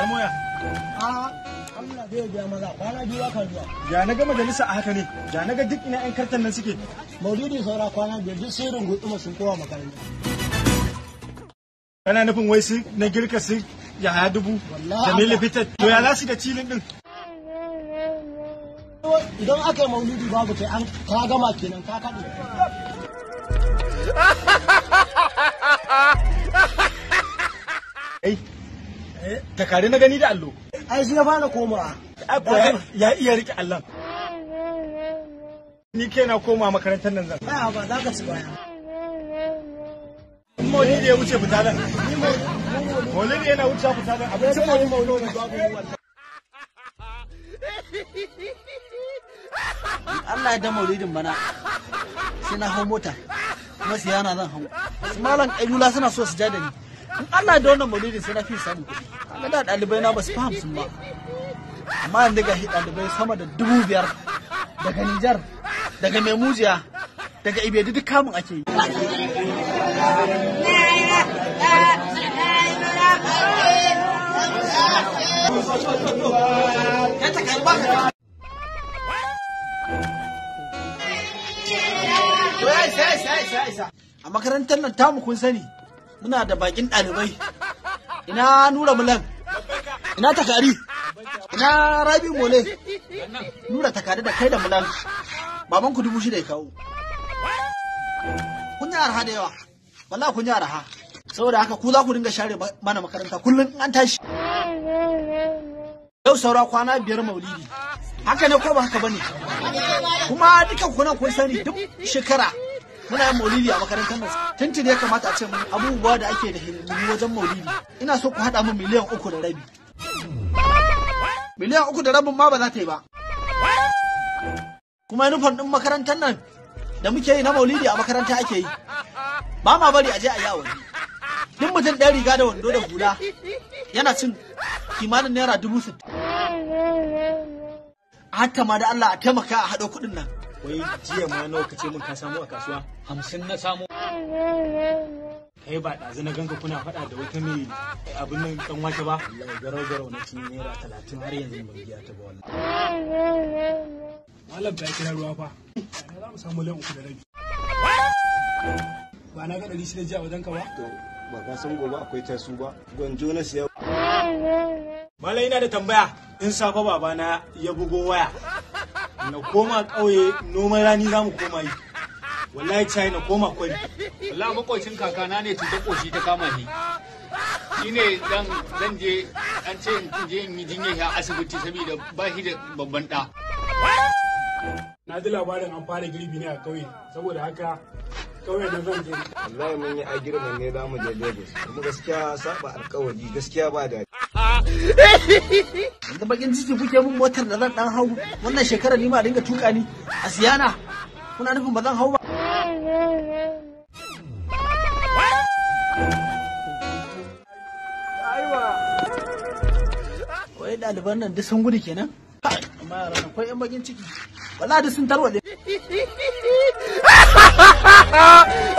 almoya ya na ga majalisa a haka ne ya na ga duk ina yan kartan nan suke maududi saura kwana biyar duk sai rungutuma sun kowa makaranta kana nufin wai su na girka su ya haya dubu da milifitar to ya za su ga cilin din idan aka yi maududi babu kai an ka gama kenan ka kaɗe takari na gani da allo ai shi ya fara komawa ya iya rike allon ni ke na koma makarantar nan zan a ba za ka ci baya maulidi ya wuce fita nan maulidi yana wuce fita nan abincin maulidi Allah ya da maulidin bana sai na hau mota kuma siyana zan hau malam ƙailula suna so su ja da ni in Allah ya da wannan maulidin sai na fi samun kuɗi kaga da ɗalibai na ba su fi ba amma yanzu ga ɗalibai sama da dubu biyar daga nijar daga mai mujiya daga ibedi duk kamun ake yi A makarantar nan tamu kun sani muna da bakin ɗalibai ina nura mulan ina takari ina rabi mole nura takari da kai da mulan baban ku dubu shida ya kawo kun yi arha da yawa bala kun yi arha saboda haka ku za ku dinga share mana makaranta kullum an tashi yau saura kwana biyar maulidi haka ne ko ba haka bane kuma duka kuna kun sani duk shekara muna yin maulidi a makarantar nan tuntun ya kamata a ce mun abubuwa da ake da hidindimu wajen maulidi ina so ku haɗa min miliyan uku da rabi miliyan uku da rabin ma ba za ta yi ba kuma nufan ɗin makarantar nan da muke yi na maulidi a makaranta ake yi ba ma bari a je a yi a waje duk mutum ɗaya riga da wando da hula yana cin kimanin naira dubu sittin hatta ma da Allah a taimaka a haɗo kuɗin nan wai jiya ma nawa kace min ka samu a kasuwa hamsin na samu kai ba ɗazu na ganka kuna faɗa da wata mai abin nan ɗan wake ba wallahi garau garau na cin naira talatin har yanzu ban biya ta ba wallahi malam ta kira ruwa fa za mu samu lai uku da rabi ba na ga ɗari shida jiya wajen ka ba to ba ka san gobe akwai tasu ba gonjo na siya malam ina da tambaya in safa babana ya bugo waya na koma ƙauye noman rani za mu koma yi wallahi cai na koma kwari wallahi makwacin kakana ne cuta koshi ta kama ni shine dan zan je an ce in je in yi jinya a asibiti saboda ba shi da babban da na ji labarin an fara girbi ne a ƙauye saboda haka ƙauye da zan je. Wallahi mun yi a girman ne za mu je Lagos. Kuma gaskiya saba alƙawari gaskiya ba da da bakin ciki kuke mun motar da zan dan hau wannan shekarar ni ma dinga tuka ni a siyana kuna nufin ba zan hau ba wai ɗaliban nan duk sun gudu kenan amma yara akwai yan bakin ciki wala duk sun tarwatse